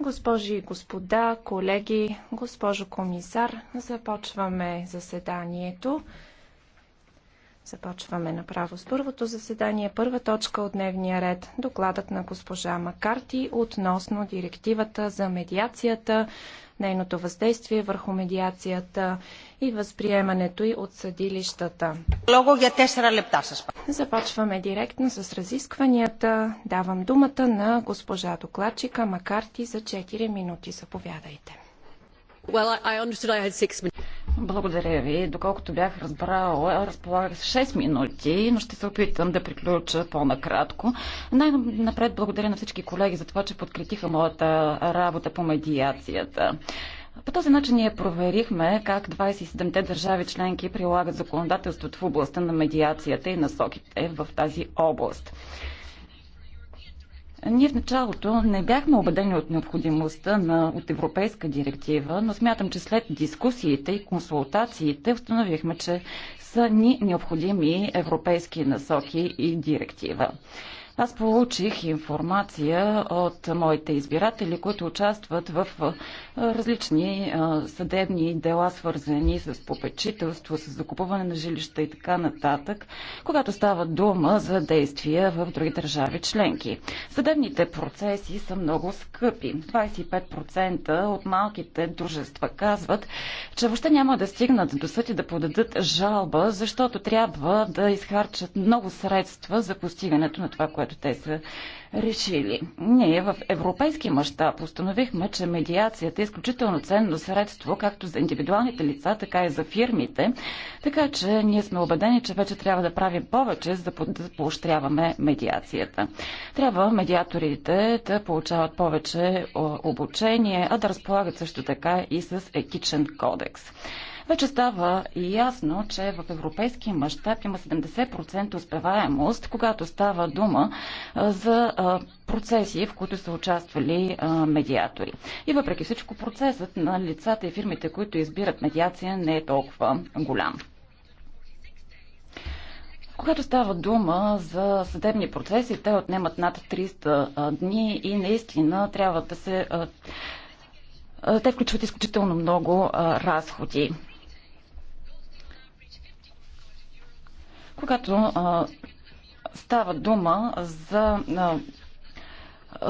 Госпожи и господа, колеги, госпожо комисар, започваме заседанието. Започваме направо с първото заседание. Първа точка от дневния ред. Докладът на госпожа Макарти относно директивата за медиацията, нейното въздействие върху медиацията и възприемането й от съдилищата. Започваме директно с разискванията. Давам думата на госпожа докладчика Макарти за 4 минути. Заповядайте. Well, I благодаря ви. Доколкото бях разбрала, разполагах с 6 минути, но ще се опитам да приключа по-накратко. Най-напред благодаря на всички колеги за това, че подкрепиха моята работа по медиацията. По този начин ние проверихме как 27-те държави членки прилагат законодателството в областта на медиацията и насоките в тази област. Ние в началото не бяхме убедени от необходимостта на, от европейска директива, но смятам, че след дискусиите и консултациите установихме, че са ни необходими европейски насоки и директива. Аз получих информация от моите избиратели, които участват в различни съдебни дела, свързани с попечителство, с закупуване на жилища и така нататък, когато става дума за действия в други държави членки. Съдебните процеси са много скъпи. 25% от малките дружества казват, че въобще няма да стигнат до съд и да подадат жалба, защото трябва да изхарчат много средства за постигането на това, което която те са решили. Ние в европейски мащаб установихме, че медиацията е изключително ценно средство, както за индивидуалните лица, така и за фирмите, така че ние сме убедени, че вече трябва да правим повече, за да поощряваме медиацията. Трябва медиаторите да получават повече обучение, а да разполагат също така и с етичен кодекс. Вече става ясно, че в европейския мащаб има 70% успеваемост, когато става дума за процеси, в които са участвали медиатори. И въпреки всичко процесът на лицата и фирмите, които избират медиация, не е толкова голям. Когато става дума за съдебни процеси, те отнемат над 300 дни и наистина трябва да се. Те включват изключително много разходи. Когато а, става дума за а,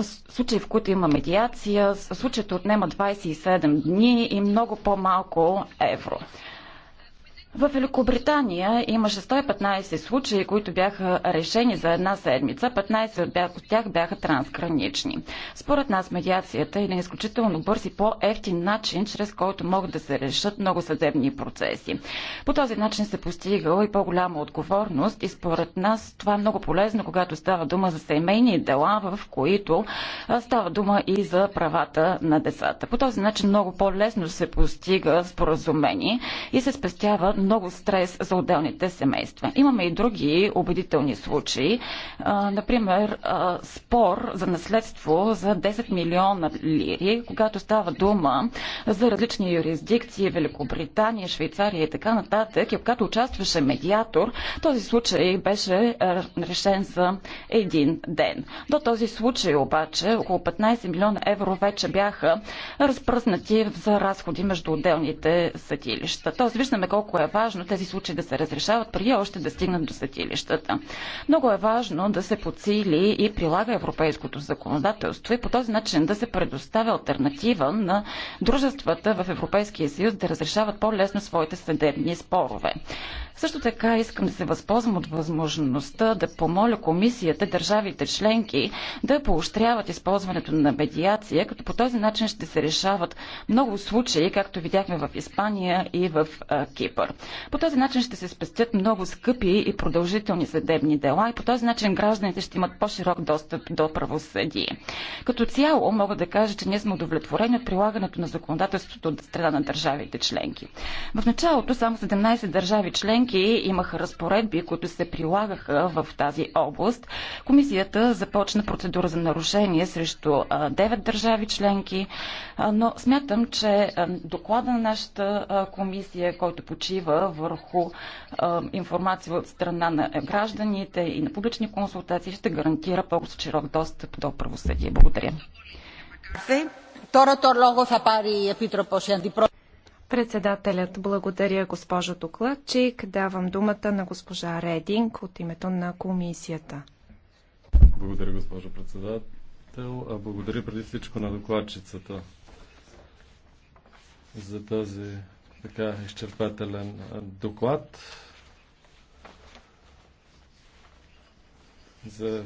случаи, в които има медиация, случаето отнема 27 дни и много по-малко евро. В Великобритания имаше 115 случаи, които бяха решени за една седмица. 15 от тях бяха трансгранични. Според нас медиацията е един изключително бърз и по-ефтин начин, чрез който могат да се решат много съдебни процеси. По този начин се постига и по-голяма отговорност и според нас това е много полезно, когато става дума за семейни дела, в които става дума и за правата на децата. По този начин много по-лесно се постига споразумение и се спестява много стрес за отделните семейства. Имаме и други убедителни случаи. Например, спор за наследство за 10 милиона лири, когато става дума за различни юрисдикции, Великобритания, Швейцария и така нататък. И когато участваше медиатор, този случай беше решен за един ден. До този случай обаче около 15 милиона евро вече бяха разпръснати за разходи между отделните съдилища. Тоест виждаме колко е важно тези случаи да се разрешават преди още да стигнат до съдилищата. Много е важно да се подсили и прилага европейското законодателство и по този начин да се предоставя альтернатива на дружествата в Европейския съюз да разрешават по-лесно своите съдебни спорове. Също така искам да се възползвам от възможността да помоля комисията, държавите членки да поощряват използването на медиация, като по този начин ще се решават много случаи, както видяхме в Испания и в Кипър. По този начин ще се спестят много скъпи и продължителни съдебни дела и по този начин гражданите ще имат по-широк достъп до правосъдие. Като цяло мога да кажа, че ние сме удовлетворени от прилагането на законодателството от страна на държавите членки. В началото само 17 държави членки членки имаха разпоредби, които се прилагаха в тази област. Комисията започна процедура за нарушение срещу 9 държави членки, но смятам, че доклада на нашата комисия, който почива върху информация от страна на гражданите и на публични консултации, ще гарантира по-широк достъп до правосъдие. Благодаря. Председателят благодаря госпожо докладчик. Давам думата на госпожа Рединг от името на комисията. Благодаря, госпожо председател. А благодаря преди всичко на докладчицата за този така изчерпателен доклад. за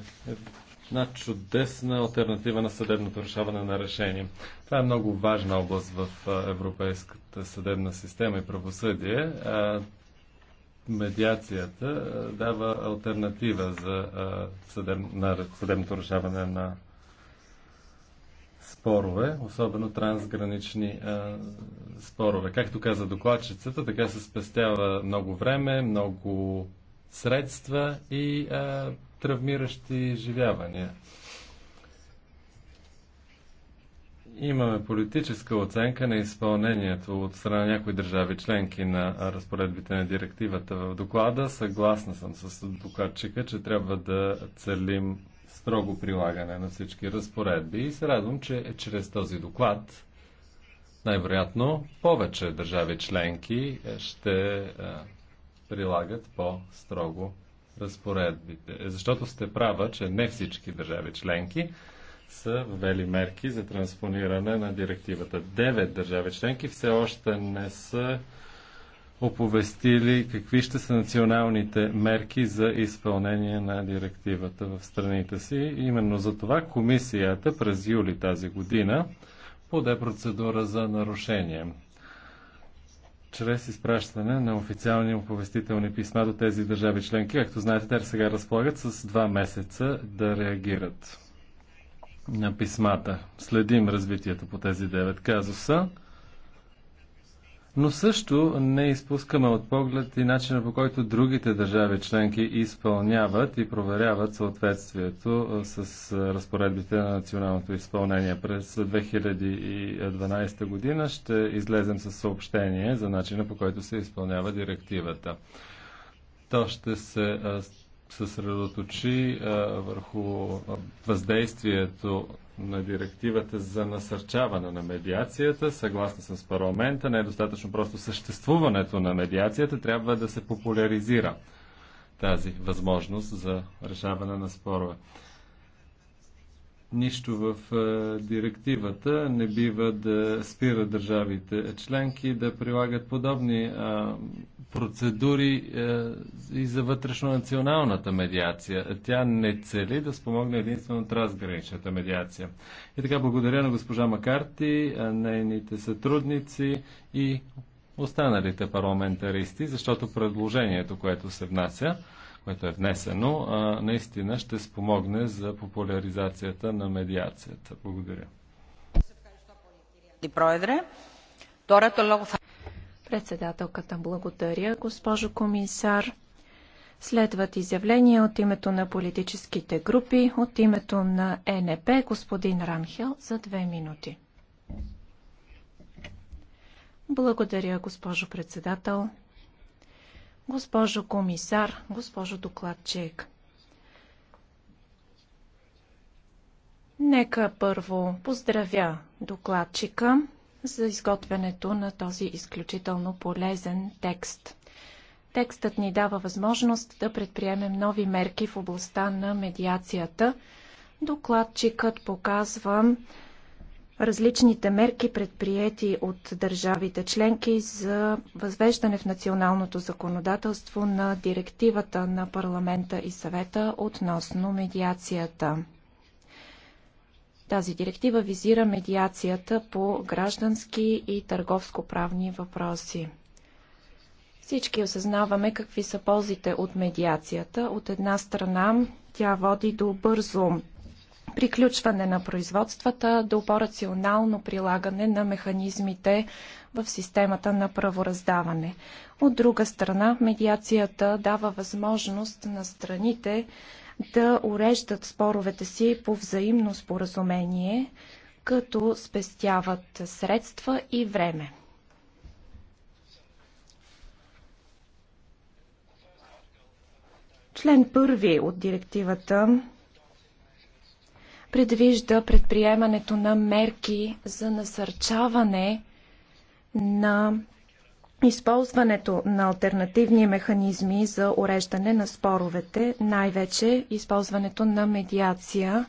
една чудесна альтернатива на съдебното решаване на решение. Това е много важна област в европейската съдебна система и правосъдие. Медиацията дава альтернатива за съдеб... на съдебното решаване на спорове, особено трансгранични а, спорове. Както каза докладчицата, така се спестява много време, много средства и а, травмиращи изживявания. Имаме политическа оценка на изпълнението от страна на някои държави членки на разпоредбите на директивата в доклада. Съгласна съм с докладчика, че трябва да целим строго прилагане на всички разпоредби и се радвам, че е чрез този доклад най-вероятно повече държави членки ще прилагат по-строго разпоредбите. Е, защото сте права, че не всички държави членки са ввели мерки за транспониране на директивата. Девет държави членки все още не са оповестили какви ще са националните мерки за изпълнение на директивата в страните си. Именно за това комисията през юли тази година поде процедура за нарушение чрез изпращане на официални оповестителни писма до тези държави членки. Както знаете, те сега разполагат с два месеца да реагират на писмата. Следим развитието по тези девет казуса но също не изпускаме от поглед и начина по който другите държави членки изпълняват и проверяват съответствието с разпоредбите на националното изпълнение. През 2012 година ще излезем със съобщение за начина по който се изпълнява директивата. То ще се съсредоточи върху въздействието на директивата за насърчаване на медиацията. Съгласна съм с парламента, не е достатъчно просто съществуването на медиацията, трябва да се популяризира тази възможност за решаване на спорове. Нищо в е, директивата не бива да спира държавите членки да прилагат подобни е, процедури е, и за вътрешно-националната медиация. Тя не цели да спомогне единствено трансграничната медиация. И така, благодаря на госпожа Макарти, нейните сътрудници и останалите парламентаристи, защото предложението, което се внася, което е внесено, а наистина ще спомогне за популяризацията на медиацията. Благодаря. Председателката благодаря, госпожо комисар. Следват изявления от името на политическите групи, от името на ЕНП, господин Ранхел, за две минути. Благодаря, госпожо председател. Госпожо комисар, госпожо докладчик, нека първо поздравя докладчика за изготвянето на този изключително полезен текст. Текстът ни дава възможност да предприемем нови мерки в областта на медиацията. Докладчикът показва различните мерки предприяти от държавите членки за възвеждане в националното законодателство на директивата на парламента и съвета относно медиацията. Тази директива визира медиацията по граждански и търговско-правни въпроси. Всички осъзнаваме какви са ползите от медиацията. От една страна тя води до бързо приключване на производствата до по-рационално прилагане на механизмите в системата на правораздаване. От друга страна, медиацията дава възможност на страните да уреждат споровете си по взаимно споразумение, като спестяват средства и време. Член първи от директивата предвижда предприемането на мерки за насърчаване на използването на альтернативни механизми за уреждане на споровете, най-вече използването на медиация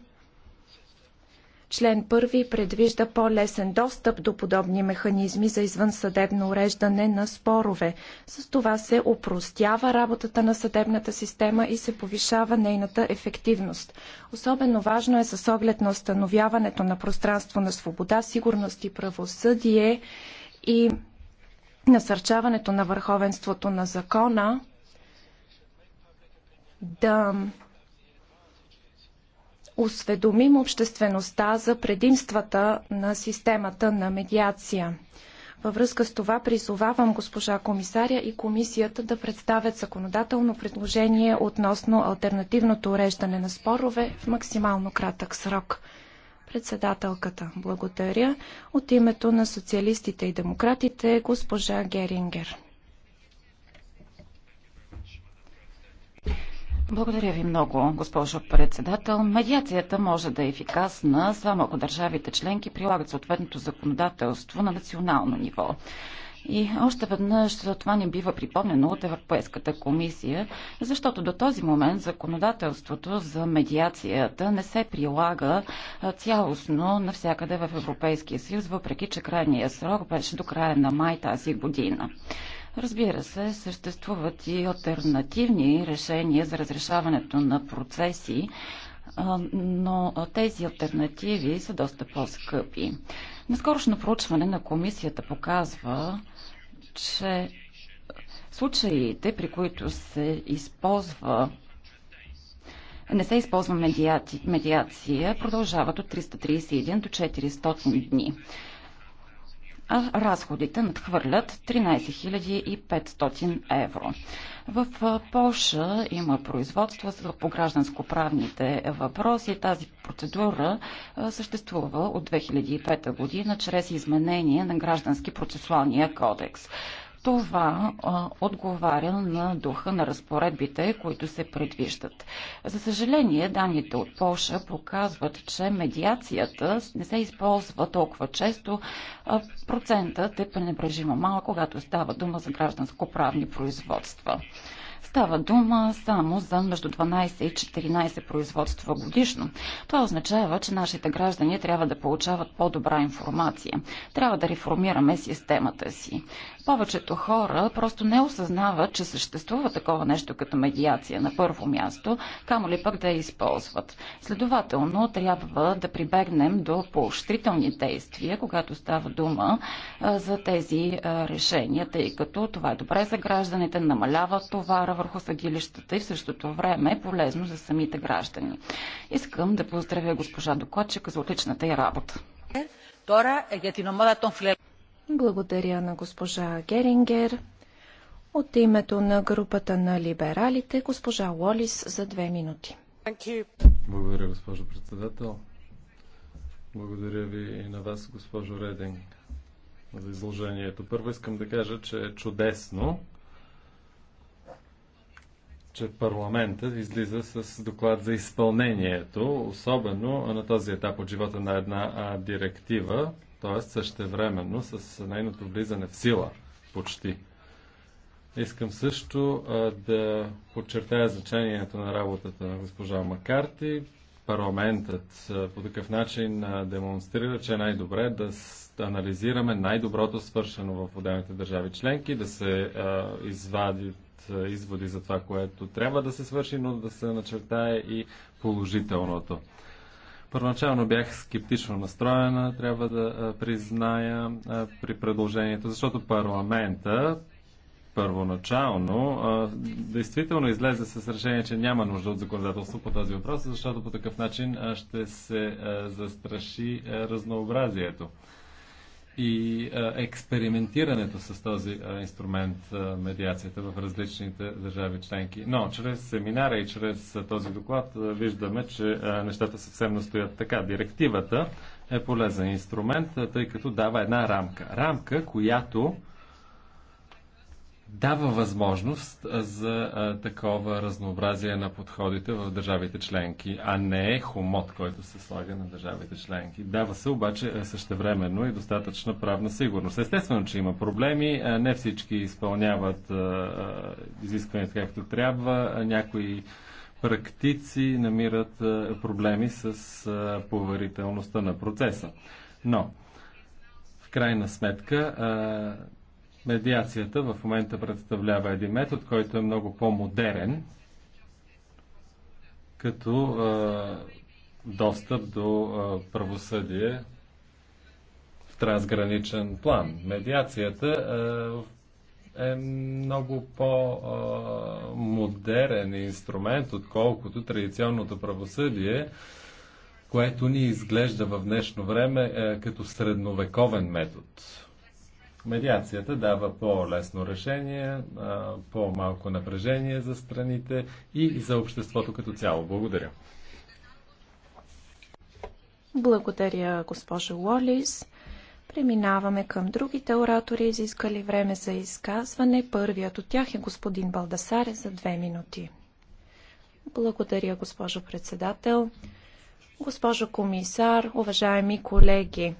Член първи предвижда по-лесен достъп до подобни механизми за извънсъдебно уреждане на спорове. С това се опростява работата на съдебната система и се повишава нейната ефективност. Особено важно е с оглед на установяването на пространство на свобода, сигурност и правосъдие и насърчаването на върховенството на закона да осведомим обществеността за предимствата на системата на медиация. Във връзка с това призовавам госпожа комисаря и комисията да представят законодателно предложение относно альтернативното уреждане на спорове в максимално кратък срок. Председателката, благодаря. От името на социалистите и демократите, госпожа Герингер. Благодаря ви много, госпожо председател. Медиацията може да е ефикасна само ако държавите членки прилагат съответното законодателство на национално ниво. И още веднъж това не бива припомнено от Европейската комисия, защото до този момент законодателството за медиацията не се прилага цялостно навсякъде в Европейския съюз, въпреки че крайният срок беше до края на май тази година. Разбира се, съществуват и альтернативни решения за разрешаването на процеси, но тези альтернативи са доста по-скъпи. Наскорошно проучване на комисията показва, че случаите, при които се използва не се използва медиация, медиация продължават от 331 до 400 дни а разходите надхвърлят 13 500 евро. В Польша има производство по гражданско-правните въпроси. Тази процедура съществува от 2005 година чрез изменение на граждански процесуалния кодекс това а, отговаря на духа на разпоредбите, които се предвиждат. За съжаление, данните от Польша показват, че медиацията не се използва толкова често. А, процентът е пренебрежимо малък, когато става дума за гражданско-правни производства. Става дума само за между 12 и 14 производства годишно. Това означава, че нашите граждани трябва да получават по-добра информация. Трябва да реформираме системата си. Повечето хора просто не осъзнават, че съществува такова нещо като медиация на първо място, камо ли пък да я използват. Следователно, трябва да прибегнем до поощрителни действия, когато става дума а, за тези а, решения, тъй като това е добре за гражданите, намалява товара върху съдилищата и в същото време е полезно за самите граждани. Искам да поздравя госпожа докладчика за отличната й работа. Тора е гетиномада ομάδα благодаря на госпожа Герингер. От името на групата на либералите, госпожа Лолис за две минути. Благодаря, госпожо председател. Благодаря ви и на вас, госпожо Рединг, за изложението. Първо искам да кажа, че е чудесно, че парламентът излиза с доклад за изпълнението, особено на този етап от живота на една директива, т.е. същевременно с нейното влизане в сила почти. Искам също а, да подчертая значението на работата на госпожа Макарти. Парламентът а, по такъв начин а, демонстрира, че е най-добре да анализираме най-доброто свършено в отделните държави членки, да се а, извадят а, изводи за това, което трябва да се свърши, но да се начертае и положителното. Първоначално бях скептично настроена, трябва да призная при предложението, защото парламента първоначално действително излезе с решение, че няма нужда от законодателство по този въпрос, защото по такъв начин ще се застраши разнообразието и експериментирането с този инструмент медиацията в различните държави членки. Но чрез семинара и чрез този доклад виждаме, че нещата съвсем настоят така. Директивата е полезен инструмент, тъй като дава една рамка. Рамка, която дава възможност за а, такова разнообразие на подходите в държавите членки, а не е хомот, който се слага на държавите членки. Дава се обаче същевременно и достатъчна правна сигурност. Естествено, че има проблеми, не всички изпълняват изискванията както трябва, някои практици намират а, проблеми с а, поверителността на процеса. Но, в крайна сметка, а, Медиацията в момента представлява един метод, който е много по-модерен, като а, достъп до а, правосъдие в трансграничен план. Медиацията е, е много по-модерен инструмент, отколкото традиционното правосъдие, което ни изглежда в днешно време е, като средновековен метод. Медиацията дава по-лесно решение, по-малко напрежение за страните и за обществото като цяло. Благодаря. Благодаря, госпожо Уолис. Преминаваме към другите оратори, изискали време за изказване. Първият от тях е господин Балдасаре за две минути. Благодаря, госпожо председател. Госпожо комисар, уважаеми колеги,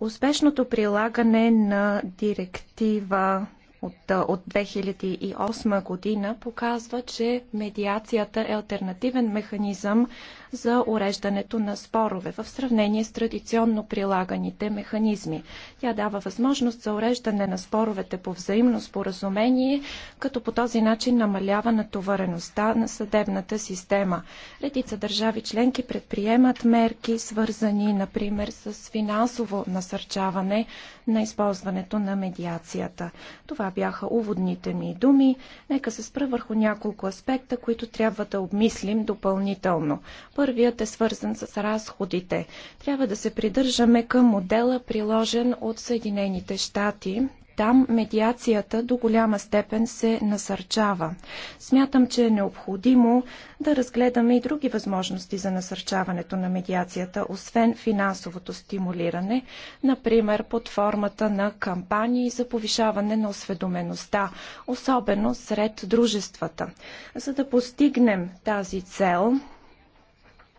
Успешното прилагане на директива от, от 2008 година показва, че медиацията е альтернативен механизъм за уреждането на спорове в сравнение с традиционно прилаганите механизми. Тя дава възможност за уреждане на споровете по взаимно споразумение, като по този начин намалява натовареността на съдебната система. Редица държави членки предприемат мерки, свързани, например, с финансово насърчаване на използването на медиацията. Това бяха уводните ми думи. Нека се спра върху няколко аспекта, които трябва да обмислим допълнително. Първият е свързан с разходите. Трябва да се придържаме към модела, приложен от Съединените щати там медиацията до голяма степен се насърчава. Смятам, че е необходимо да разгледаме и други възможности за насърчаването на медиацията, освен финансовото стимулиране, например под формата на кампании за повишаване на осведомеността, особено сред дружествата. За да постигнем тази цел,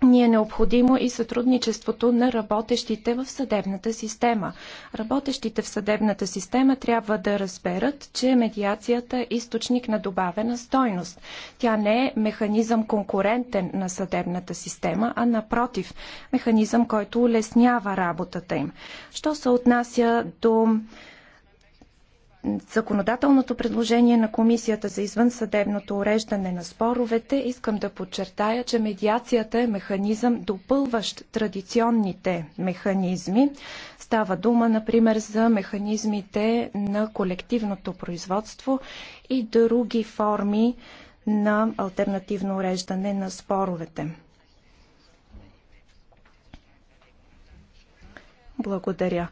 ни е необходимо и сътрудничеството на работещите в съдебната система. Работещите в съдебната система трябва да разберат, че медиацията е източник на добавена стойност. Тя не е механизъм конкурентен на съдебната система, а напротив, механизъм, който улеснява работата им. Що се отнася до законодателното предложение на Комисията за извънсъдебното уреждане на споровете, искам да подчертая, че медиацията е механизъм, допълващ традиционните механизми. Става дума, например, за механизмите на колективното производство и други форми на альтернативно уреждане на споровете. Благодаря.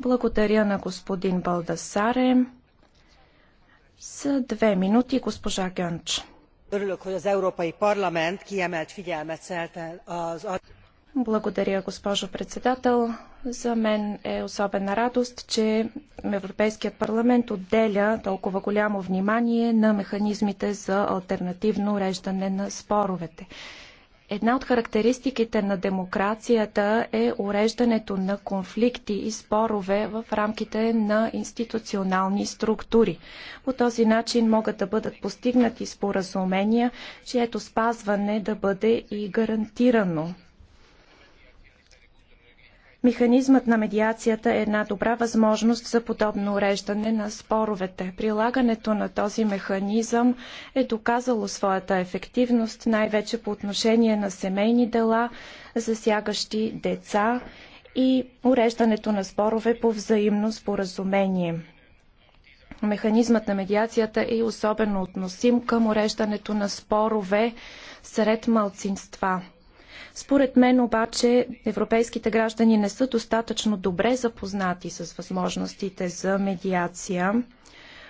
Благодаря на господин Балдасаре. За две минути госпожа Гънч. Благодаря, госпожо председател. За мен е особена радост, че Европейският парламент отделя толкова голямо внимание на механизмите за альтернативно уреждане на споровете. Една от характеристиките на демокрацията е уреждането на конфликти и спорове в рамките на институционални структури. По този начин могат да бъдат постигнати споразумения, чието спазване да бъде и гарантирано. Механизмът на медиацията е една добра възможност за подобно уреждане на споровете. Прилагането на този механизъм е доказало своята ефективност, най-вече по отношение на семейни дела, засягащи деца и уреждането на спорове по взаимно споразумение. Механизмът на медиацията е особено относим към уреждането на спорове сред малцинства. Според мен обаче европейските граждани не са достатъчно добре запознати с възможностите за медиация.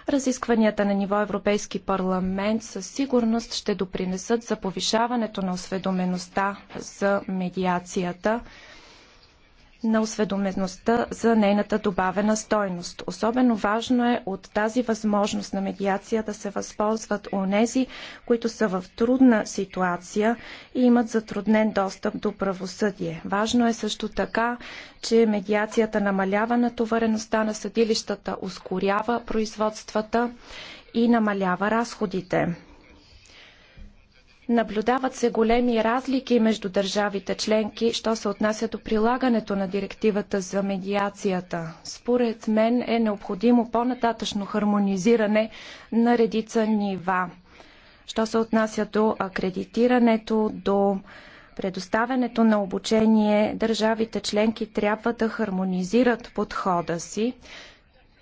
Разискванията на ниво Европейски парламент със сигурност ще допринесат за повишаването на осведомеността за медиацията на осведомеността за нейната добавена стойност. Особено важно е от тази възможност на медиация да се възползват онези, които са в трудна ситуация и имат затруднен достъп до правосъдие. Важно е също така, че медиацията намалява натовареността на съдилищата, ускорява производствата и намалява разходите. Наблюдават се големи разлики между държавите членки, що се отнася до прилагането на директивата за медиацията. Според мен е необходимо по-нататъчно хармонизиране на редица нива. Що се отнася до акредитирането, до предоставянето на обучение, държавите членки трябва да хармонизират подхода си.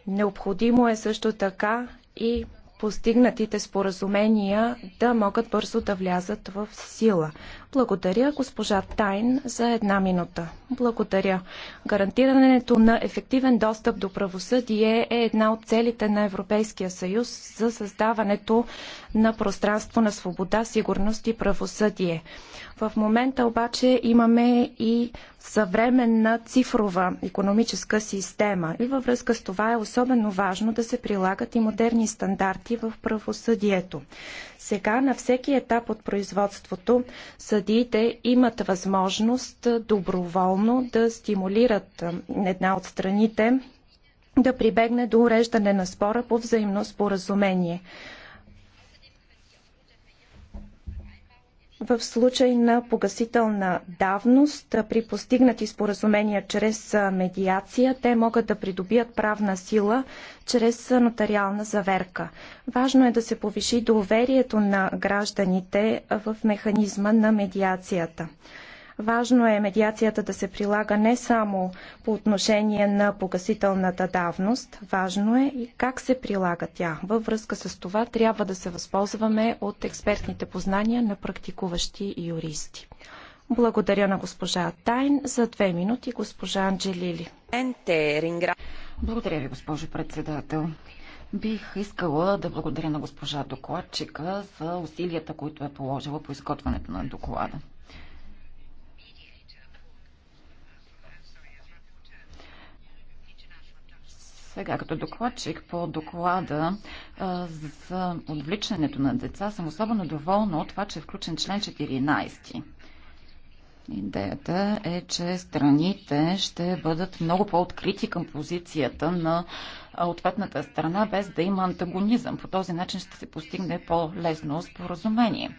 Необходимо е също така и постигнатите споразумения да могат бързо да влязат в сила. Благодаря, госпожа Тайн, за една минута. Благодаря. Гарантирането на ефективен достъп до правосъдие е една от целите на Европейския съюз за създаването на пространство на свобода, сигурност и правосъдие. В момента обаче имаме и съвременна цифрова економическа система и във връзка с това е особено важно да се прилагат и модерни стандарти в правосъдието. Сега на всеки етап от производството съдиите имат възможност доброволно да стимулират една от страните да прибегне до уреждане на спора по взаимно споразумение. в случай на погасителна давност при постигнати споразумения чрез медиация, те могат да придобият правна сила чрез нотариална заверка. Важно е да се повиши доверието на гражданите в механизма на медиацията. Важно е медиацията да се прилага не само по отношение на погасителната давност, важно е и как се прилага тя. Във връзка с това трябва да се възползваме от експертните познания на практикуващи юристи. Благодаря на госпожа Тайн за две минути, госпожа Анджелили. Благодаря ви, госпожо председател. Бих искала да благодаря на госпожа докладчика за усилията, които е положила по изготвянето на доклада. Сега като докладчик по доклада а, за отвличането на деца съм особено доволна от това, че е включен член 14. Идеята е, че страните ще бъдат много по-открити към позицията на ответната страна, без да има антагонизъм. По този начин ще се постигне по-лесно споразумение.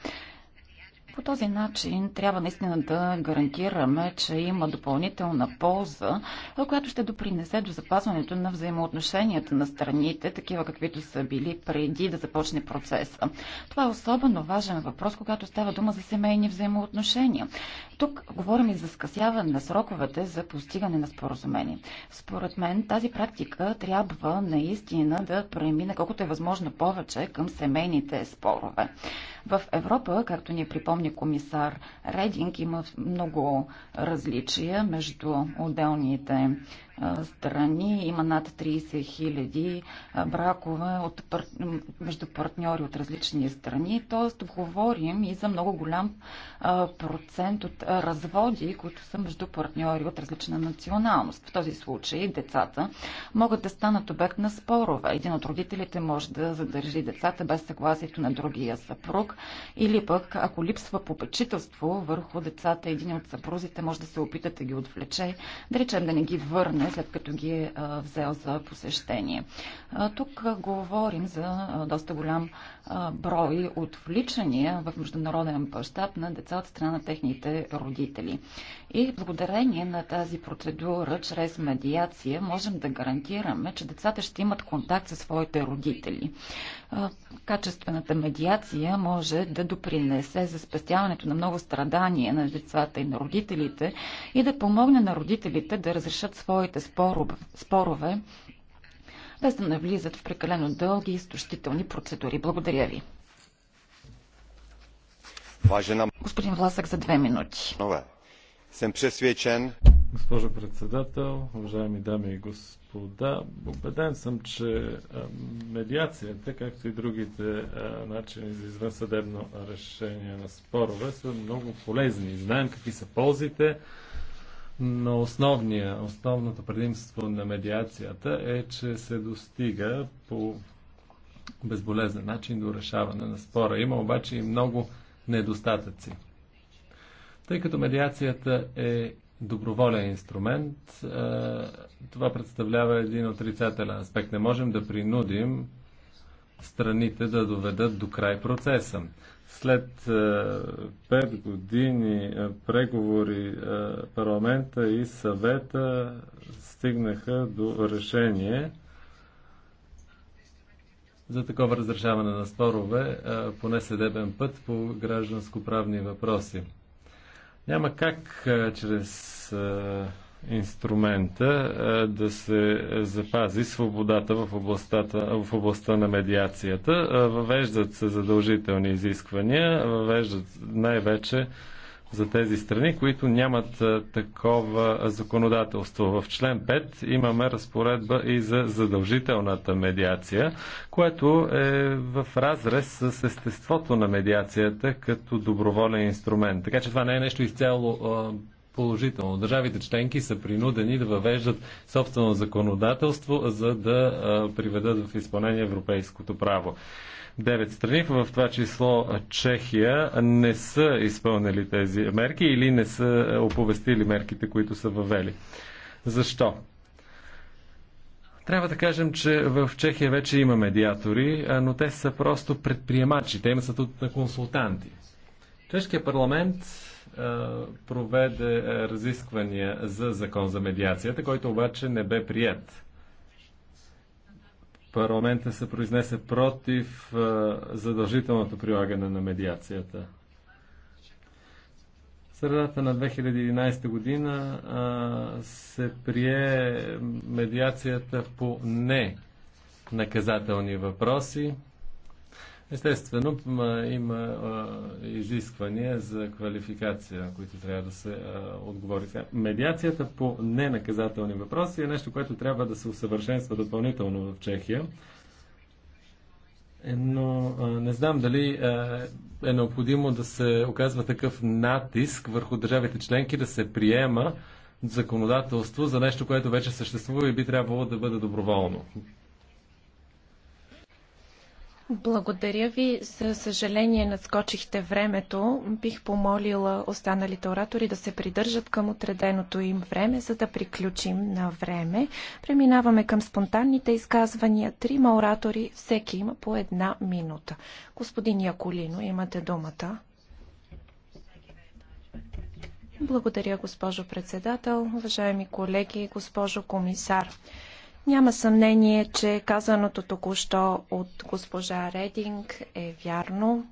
По този начин трябва наистина да гарантираме, че има допълнителна полза, която ще допринесе до запазването на взаимоотношенията на страните, такива каквито са били преди да започне процеса. Това е особено важен въпрос, когато става дума за семейни взаимоотношения. Тук говорим и за скъсяване на сроковете за постигане на споразумение. Според мен тази практика трябва наистина да премине колкото е възможно повече към семейните спорове. В Европа, както ни припомни комисар Рединг, има много различия между отделните страни. Има над 30 хиляди бракове от, пар... между партньори от различни страни. Тоест, говорим и за много голям процент от разводи, които са между партньори от различна националност. В този случай децата могат да станат обект на спорове. Един от родителите може да задържи децата без съгласието на другия съпруг или пък, ако липсва попечителство върху децата, един от съпрузите може да се опита да ги отвлече, да речем да не ги върне време, след като ги е взел за посещение. Тук говорим за доста голям брой отвличания в международен мащаб на деца от страна на техните родители. И благодарение на тази процедура, чрез медиация, можем да гарантираме, че децата ще имат контакт със своите родители. Качествената медиация може да допринесе за спестяването на много страдания на децата и на родителите и да помогне на родителите да разрешат своите търговските спорове, без да навлизат в прекалено дълги и изтощителни процедури. Благодаря ви. Важена... Господин Власък за две минути. Съм пресвечен. Госпожо председател, уважаеми дами и господа, убеден съм, че е, медиацията, както и другите е, начини за извънсъдебно решение на спорове, са много полезни. Знаем какви са ползите, но основния, основното предимство на медиацията е, че се достига по безболезнен начин до решаване на спора. Има обаче и много недостатъци. Тъй като медиацията е доброволен инструмент, е, това представлява един отрицателен аспект. Не можем да принудим страните да доведат до край процеса. След 5 е, години е, преговори е, парламента и съвета стигнаха до решение за такова разрешаване на спорове, поне съдебен път по гражданско-правни въпроси. Няма как чрез инструмента да се запази свободата в областта, в областта на медиацията. Въвеждат се задължителни изисквания, въвеждат най-вече за тези страни, които нямат такова законодателство. В член 5 имаме разпоредба и за задължителната медиация, което е в разрез с естеството на медиацията като доброволен инструмент. Така че това не е нещо изцяло положително. Държавите членки са принудени да въвеждат собствено законодателство, за да приведат в изпълнение европейското право. Девет страни, в това число Чехия, не са изпълнили тези мерки или не са оповестили мерките, които са въвели. Защо? Трябва да кажем, че в Чехия вече има медиатори, но те са просто предприемачи. Те имат статут на консултанти. Чешкият парламент проведе разисквания за закон за медиацията, който обаче не бе прият. Парламента се произнесе против задължителното прилагане на медиацията. В средата на 2011 година а, се прие медиацията по не наказателни въпроси. Естествено, има изисквания за квалификация, които трябва да се отговори. Медиацията по ненаказателни въпроси е нещо, което трябва да се усъвършенства допълнително в Чехия. Е, но не знам дали е необходимо да се оказва такъв натиск върху държавите членки да се приема законодателство за нещо, което вече съществува и би трябвало да бъде доброволно. Благодаря ви. За съжаление надскочихте времето. Бих помолила останалите оратори да се придържат към отреденото им време, за да приключим на време. Преминаваме към спонтанните изказвания. Трима оратори, всеки има по една минута. Господин Яколино, имате думата. Благодаря, госпожо председател, уважаеми колеги, госпожо комисар. Няма съмнение, че казаното току-що от госпожа Рединг е вярно.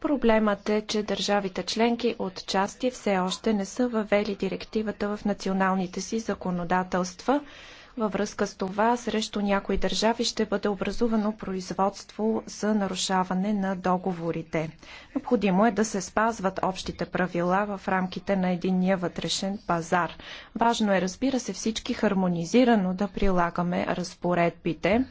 Проблемът е, че държавите членки от части все още не са въвели директивата в националните си законодателства. Във връзка с това, срещу някои държави ще бъде образувано производство за нарушаване на договорите. Необходимо е да се спазват общите правила в рамките на единния вътрешен пазар. Важно е, разбира се, всички хармонизирано да прилагаме разпоредбите.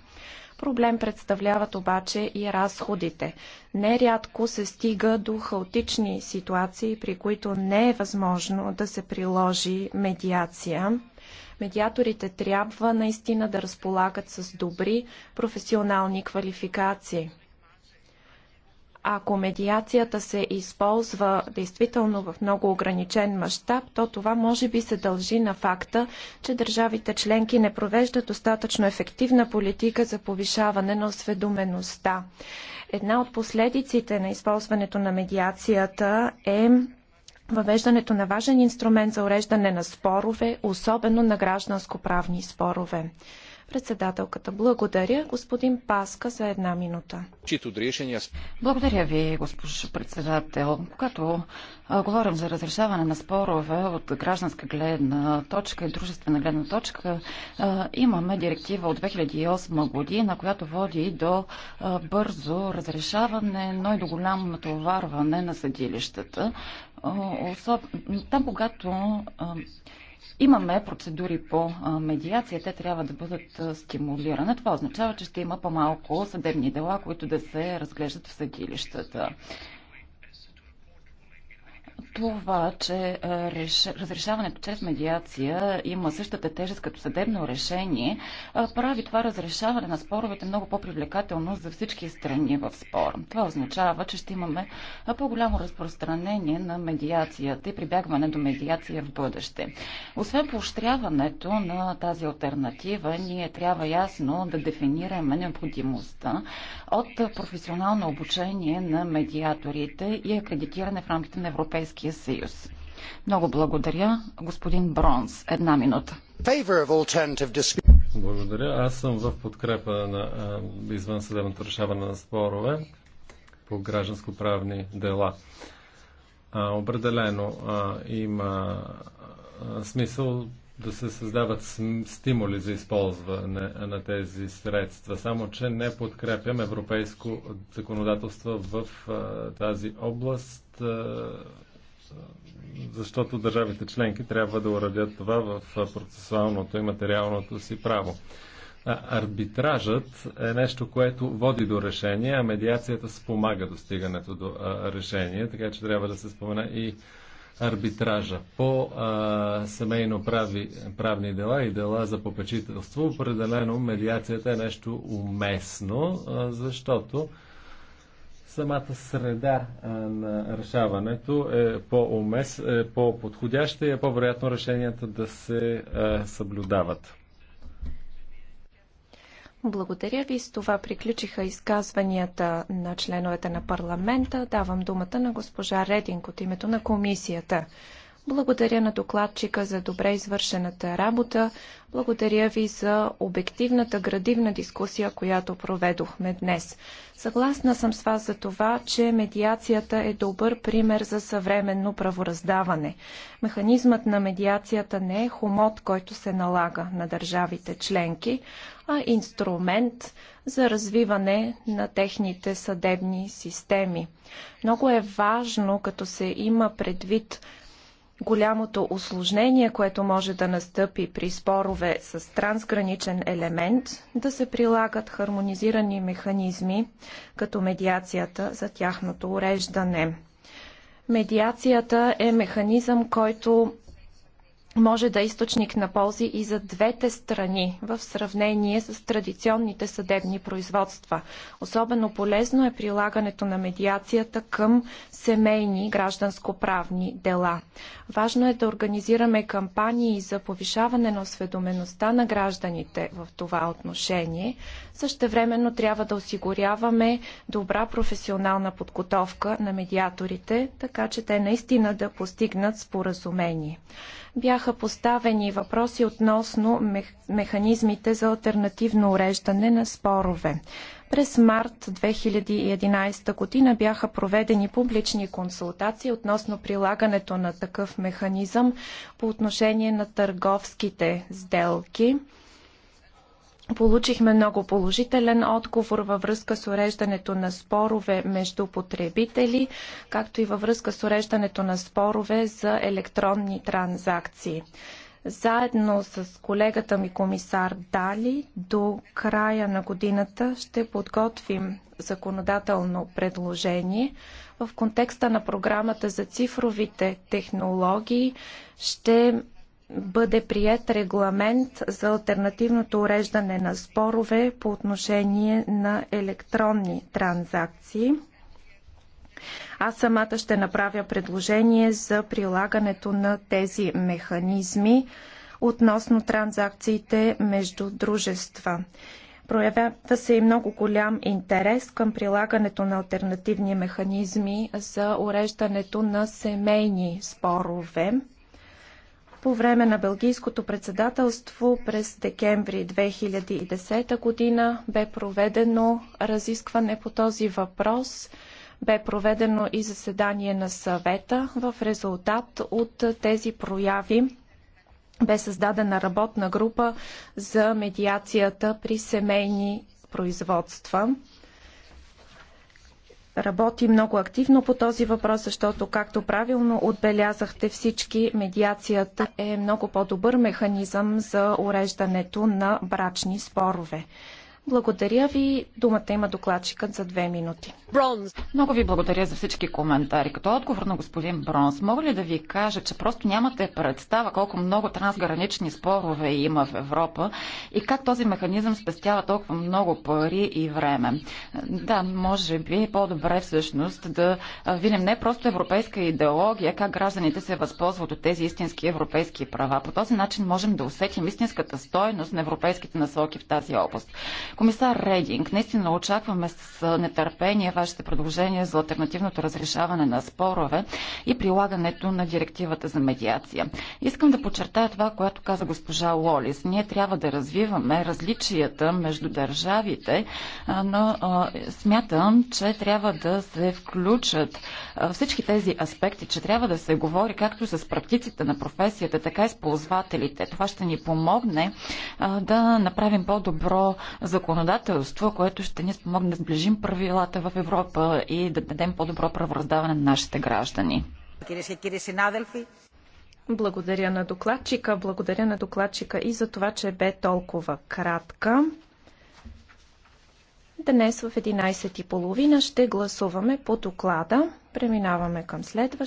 Проблем представляват обаче и разходите. Нерядко се стига до хаотични ситуации, при които не е възможно да се приложи медиация. Медиаторите трябва наистина да разполагат с добри професионални квалификации. Ако медиацията се използва действително в много ограничен мащаб, то това може би се дължи на факта, че държавите членки не провеждат достатъчно ефективна политика за повишаване на осведомеността. Една от последиците на използването на медиацията е въвеждането на важен инструмент за уреждане на спорове, особено на гражданско-правни спорове. Председателката, благодаря. Господин Паска за една минута. Благодаря ви, госпожо председател. Когато а, говорим за разрешаване на спорове от гражданска гледна точка и дружествена гледна точка, а, имаме директива от 2008 година, която води до а, бързо разрешаване, но и до голямо натоварване на съдилищата. Особ... Там, когато Имаме процедури по медиация, те трябва да бъдат стимулирани. Това означава, че ще има по-малко съдебни дела, които да се разглеждат в съдилищата това, че реш... разрешаването чрез медиация има същата тежест като съдебно решение, прави това разрешаване на споровете много по-привлекателно за всички страни в спор. Това означава, че ще имаме по-голямо разпространение на медиацията и прибягване до медиация в бъдеще. Освен поощряването на тази альтернатива, ние трябва ясно да дефинираме необходимостта от професионално обучение на медиаторите и акредитиране в рамките на Европейския Европейския съюз. Много благодаря. Господин Бронс, една минута. Благодаря. Аз съм в подкрепа на извънсъдебното решаване на спорове по гражданско-правни дела. А, определено а, има а, смисъл да се създават стимули за използване на тези средства. Само, че не подкрепям европейско законодателство в а, тази област. А, защото държавите членки трябва да уредят това в процесуалното и материалното си право. Арбитражът е нещо, което води до решение, а медиацията спомага достигането до решение, така че трябва да се спомена и арбитража. По а, семейно прави, правни дела и дела за попечителство, определено медиацията е нещо уместно, а, защото самата среда на решаването е по-умес, е по-подходяща и е по-вероятно решенията да се съблюдават. Благодаря ви. С това приключиха изказванията на членовете на парламента. Давам думата на госпожа Рединг от името на комисията. Благодаря на докладчика за добре извършената работа. Благодаря ви за обективната градивна дискусия, която проведохме днес. Съгласна съм с вас за това, че медиацията е добър пример за съвременно правораздаване. Механизмът на медиацията не е хомот, който се налага на държавите членки, а инструмент за развиване на техните съдебни системи. Много е важно, като се има предвид голямото осложнение, което може да настъпи при спорове с трансграничен елемент, да се прилагат хармонизирани механизми, като медиацията за тяхното уреждане. Медиацията е механизъм, който може да е източник на ползи и за двете страни в сравнение с традиционните съдебни производства. Особено полезно е прилагането на медиацията към семейни гражданско-правни дела. Важно е да организираме кампании за повишаване на осведомеността на гражданите в това отношение. Същевременно трябва да осигуряваме добра професионална подготовка на медиаторите, така че те наистина да постигнат споразумение бяха поставени въпроси относно механизмите за альтернативно уреждане на спорове. През март 2011 година бяха проведени публични консултации относно прилагането на такъв механизъм по отношение на търговските сделки. Получихме много положителен отговор във връзка с уреждането на спорове между потребители, както и във връзка с уреждането на спорове за електронни транзакции. Заедно с колегата ми комисар Дали до края на годината ще подготвим законодателно предложение. В контекста на програмата за цифровите технологии ще бъде прият регламент за альтернативното уреждане на спорове по отношение на електронни транзакции. Аз самата ще направя предложение за прилагането на тези механизми относно транзакциите между дружества. Проявява се и много голям интерес към прилагането на альтернативни механизми за уреждането на семейни спорове. По време на Белгийското председателство през декември 2010 година бе проведено разискване по този въпрос. Бе проведено и заседание на съвета. В резултат от тези прояви бе създадена работна група за медиацията при семейни производства работи много активно по този въпрос, защото, както правилно отбелязахте всички, медиацията е много по-добър механизъм за уреждането на брачни спорове. Благодаря ви. Думата има докладчикът за две минути. Бронз. Много ви благодаря за всички коментари. Като отговор на господин Бронз, мога ли да ви кажа, че просто нямате представа колко много трансгранични спорове има в Европа и как този механизъм спестява толкова много пари и време. Да, може би е по-добре всъщност да видим не просто европейска идеология, как гражданите се възползват от тези истински европейски права. По този начин можем да усетим истинската стойност на европейските насоки в тази област. Комисар Рединг, наистина очакваме с нетърпение вашите предложения за альтернативното разрешаване на спорове и прилагането на директивата за медиация. Искам да подчертая това, което каза госпожа Лолис. Ние трябва да развиваме различията между държавите, но смятам, че трябва да се включат всички тези аспекти, че трябва да се говори както с практиците на професията, така и с ползвателите. Това ще ни помогне да направим по-добро за законодателство, което ще ни спомогне да сближим правилата в Европа и да дадем по-добро правораздаване на нашите граждани. Благодаря на докладчика, благодаря на докладчика и за това, че бе толкова кратка. Днес в 11.30 ще гласуваме по доклада. Преминаваме към следващия.